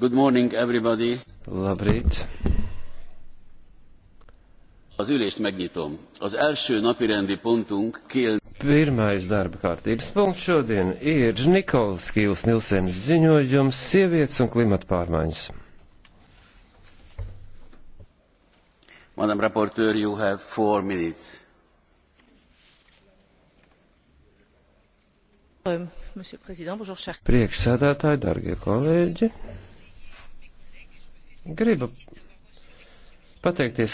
Good morning, everybody. Labrīt. Az ülést megnyitom. Az első napirendi pontunk kiel... Pirmais darba kārtības punkts šodien ir Nikolas Kīls Nilsenis ziņojums sievietes un klimata pārmaiņas. Madam Rapporteur, you have four minutes. Euh, Priekšsēdētāji, darbie kolēģi, Gribu pateikties